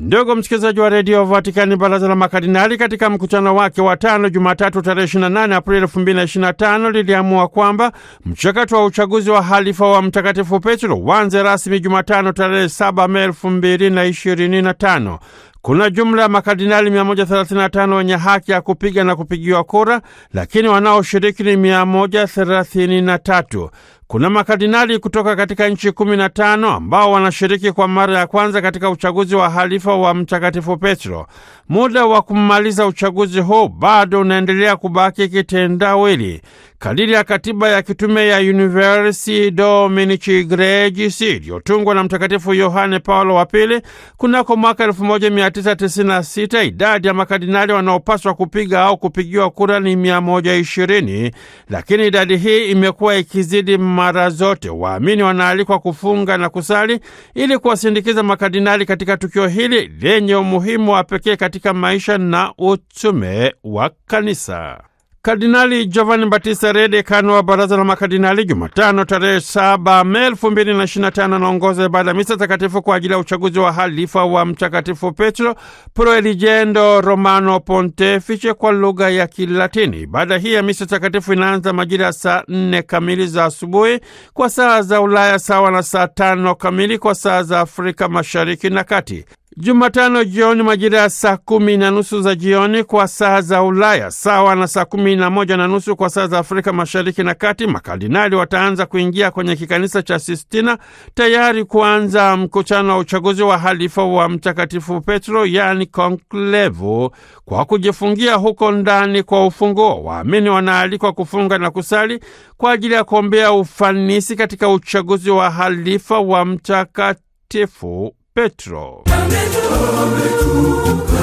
Ndugu msikilizaji wa redio Vatikani, baraza la makardinali katika mkutano wake wa tano Jumatatu tarehe 28 Aprili 2025 liliamua kwamba mchakato wa uchaguzi wa halifa wa Mtakatifu Petro uanze rasmi Jumatano tarehe 7 Mei 2025. Kuna jumla ya makardinali 135 wenye haki ya kupiga na kupigiwa kura, lakini wanaoshiriki ni 133. Kuna makardinali kutoka katika nchi kumi na tano ambao wanashiriki kwa mara ya kwanza katika uchaguzi wa halifa wa Mtakatifu Petro. Muda wa kumaliza uchaguzi huu bado unaendelea kubaki kitendawili kadiri ya katiba ya kitume ya Universi Dominici Gregis iliyotungwa na Mtakatifu Yohane Paulo wa Pili kunako mwaka 1996. Idadi ya makardinali wanaopaswa kupiga au kupigiwa kura ni 120, lakini idadi hii imekuwa ikizidi mara zote. Waamini wanaalikwa kufunga na kusali ili kuwasindikiza makardinali katika tukio hili lenye umuhimu wa pekee katika maisha na utume wa kanisa. Kardinali Giovanni Battista Re, dekano wa baraza la makardinali, Jumatano tarehe saba Mei elfu na tano anaongoza ibada ya misa takatifu kwa ajili ya uchaguzi wa halifa wa Mtakatifu Petro, Pro Eligendo Romano Pontefice, kwa lugha ya Kilatini. Ibada hii ya misa takatifu inaanza majira ya saa nne kamili za asubuhi kwa saa za Ulaya, sawa na saa tano kamili kwa saa za Afrika Mashariki na Kati. Jumatano jioni majira ya saa kumi na nusu za jioni kwa saa za Ulaya, sawa na saa kumi na moja na nusu kwa saa za Afrika Mashariki na Kati, makardinali wataanza kuingia kwenye kikanisa cha Sistina tayari kuanza mkutano wa uchaguzi wa halifa wa Mtakatifu Petro, yaani konklevu, kwa kujifungia huko ndani kwa ufunguo. Waamini wanaalikwa kufunga na kusali kwa ajili ya kuombea ufanisi katika uchaguzi wa halifa wa Mtakatifu Petro. Ametukuka,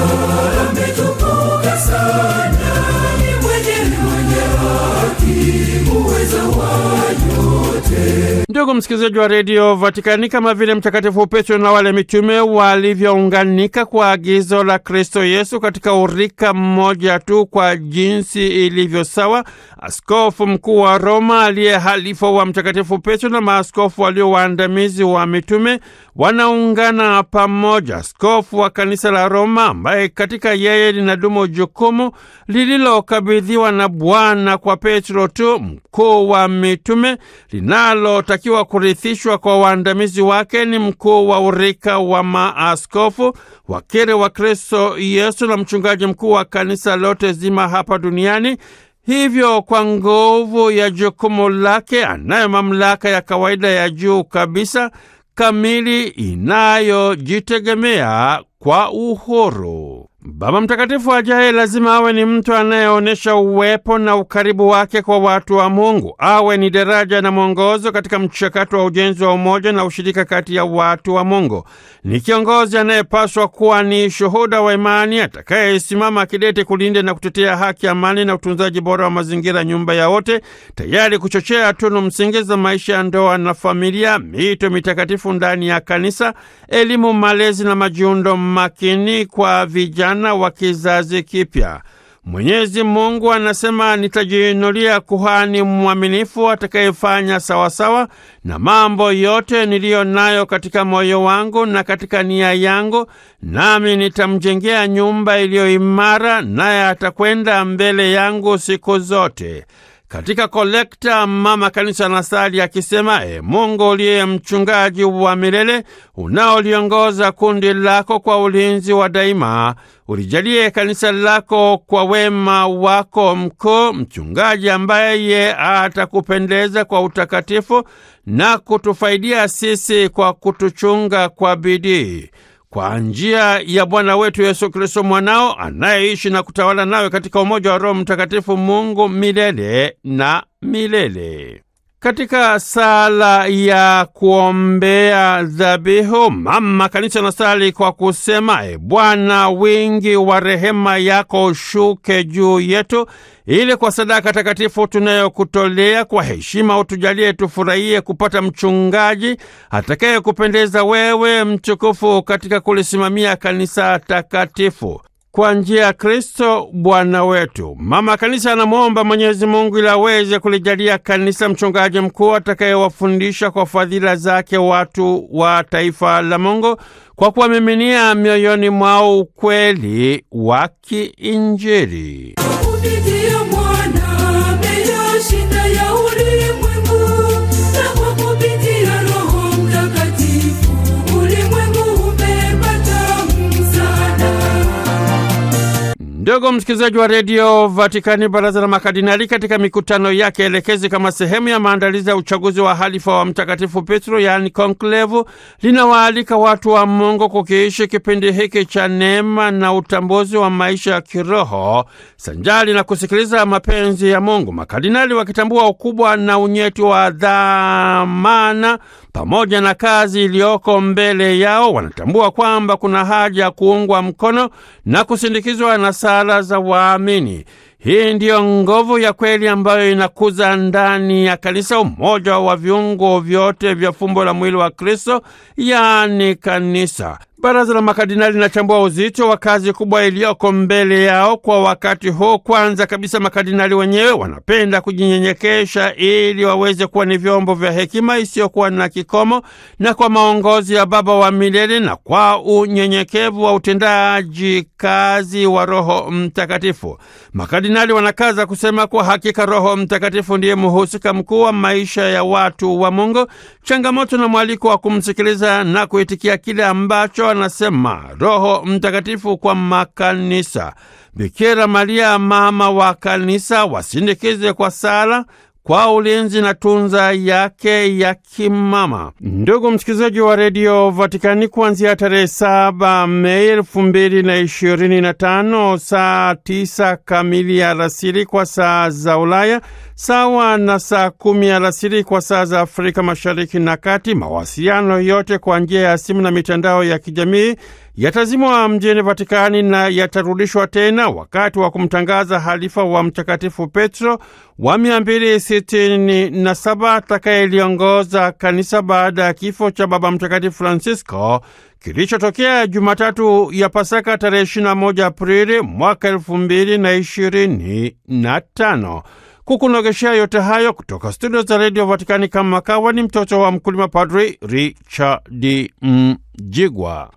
ametukuka sana. Ndugu msikilizaji wa redio Vatikani, kama vile Mtakatifu Petro na wale mitume walivyounganika kwa agizo la Kristo Yesu katika urika mmoja tu kwa jinsi ilivyo sawa, askofu mkuu wa Roma aliye halifa wa Mtakatifu Petro na maaskofu walio waandamizi wa mitume wanaungana pamoja. Askofu wa kanisa la Roma, ambaye katika yeye linadumu jukumu lililokabidhiwa na Bwana kwa Petro tu, mkuu wa mitume linalo mstahiki wa kurithishwa kwa waandamizi wake ni mkuu wa urika wa maaskofu, wakili wa Kristo Yesu na mchungaji mkuu wa kanisa lote zima hapa duniani. Hivyo, kwa nguvu ya jukumu lake, anayo mamlaka ya kawaida ya juu kabisa kamili inayojitegemea kwa uhuru. Baba Mtakatifu ajaye lazima awe ni mtu anayeonyesha uwepo na ukaribu wake kwa watu wa Mungu, awe ni daraja na mwongozo katika mchakato wa ujenzi wa umoja na ushirika kati ya watu wa Mungu. Ni kiongozi anayepaswa kuwa ni shuhuda wa imani, atakayesimama kidete kulinda na kutetea haki, amani na utunzaji bora wa mazingira, nyumba ya wote, tayari kuchochea tunu msingi za maisha ya ndoa na familia, mito mitakatifu ndani ya kanisa, elimu, malezi na majiundo makini kwa vijana wana wa kizazi kipya. Mwenyezi Mungu anasema, nitajiinulia kuhani mwaminifu atakayefanya sawasawa na mambo yote niliyo nayo katika moyo wangu na katika nia yangu, nami nitamjengea nyumba iliyo imara, naye atakwenda mbele yangu siku zote. Katika kolekta mama kanisa nasali akisema: E Mungu uliye mchungaji wa milele, unaoliongoza kundi lako kwa ulinzi wa daima, ulijalie kanisa lako kwa wema wako mkuu, mchungaji ambaye atakupendeza kwa utakatifu na kutufaidia sisi kwa kutuchunga kwa bidii kwa njia ya Bwana wetu Yesu Kristo mwanao anayeishi na kutawala nawe katika umoja wa Roho Mtakatifu Mungu milele na milele katika sala ya kuombea dhabihu, mama kanisa nasali kwa kusema: E Bwana, wingi wa rehema yako ushuke juu yetu, ili kwa sadaka takatifu tunayokutolea kwa heshima utujalie tufurahie kupata mchungaji atakayekupendeza kupendeza wewe, mtukufu, katika kulisimamia kanisa takatifu kwa njia ya Kristo Bwana wetu. Mama Kanisa anamwomba Mwenyezi Mungu ili aweze kulijalia kanisa mchungaji mkuu atakayewafundisha kwa fadhila zake watu wa taifa la Mungu kwa kuwamiminia mioyoni mwao ukweli wa kiinjili. Ndugu msikilizaji wa redio Vatikani, baraza la makardinali katika mikutano yake elekezi kama sehemu ya maandalizi ya uchaguzi wa halifa wa Mtakatifu Petro, yaani konklevu, linawaalika watu wa Mungu kukiishi kipindi hiki cha neema na utambuzi wa maisha ya kiroho sanjali na kusikiliza mapenzi ya Mungu, makardinali wakitambua ukubwa na unyeti wa dhamana pamoja na kazi iliyoko mbele yao, wanatambua kwamba kuna haja ya kuungwa mkono na kusindikizwa na sala za waamini. Hii ndiyo nguvu ya kweli ambayo inakuza ndani ya kanisa umoja wa viungo vyote vya fumbo la mwili wa Kristo, yaani kanisa. Baraza la makardinali linatambua uzito wa kazi kubwa iliyoko mbele yao kwa wakati huu. Kwanza kabisa, makardinali wenyewe wanapenda kujinyenyekesha ili waweze kuwa ni vyombo vya hekima isiyokuwa na kikomo na kwa maongozi ya Baba wa milele na kwa unyenyekevu wa utendaji kazi wa Roho Mtakatifu. Makardinali wanakaza kusema kwa hakika Roho Mtakatifu ndiye mhusika mkuu wa maisha ya watu wa Mungu, changamoto na mwaliko wa kumsikiliza na kuitikia kile ambacho anasema Roho Mtakatifu kwa makanisa. Bikira Maria mama wa kanisa wasindikize kwa sala kwa ulinzi na tunza yake ya kimama. Mhm. Ndugu msikilizaji wa redio Vatikani, kuanzia tarehe saba Mei elfu mbili na ishirini na tano saa tisa kamili alasiri kwa saa za Ulaya sawa na saa kumi alasiri kwa saa za Afrika Mashariki na Kati, mawasiliano yote kwa njia ya simu na mitandao ya kijamii yatazimwa mjini Vatikani na yatarudishwa tena wakati wa kumtangaza halifa wa Mtakatifu Petro wa 267 atakayeliongoza kanisa baada ya kifo cha Baba Mtakatifu Francisco kilichotokea Jumatatu ya Pasaka tarehe 21 Aprili mwaka 2025. Kukunogeshea yote hayo kutoka studio za redio Vatikani, kama kawa ni mtoto wa mkulima, Padri Richard Mjigwa.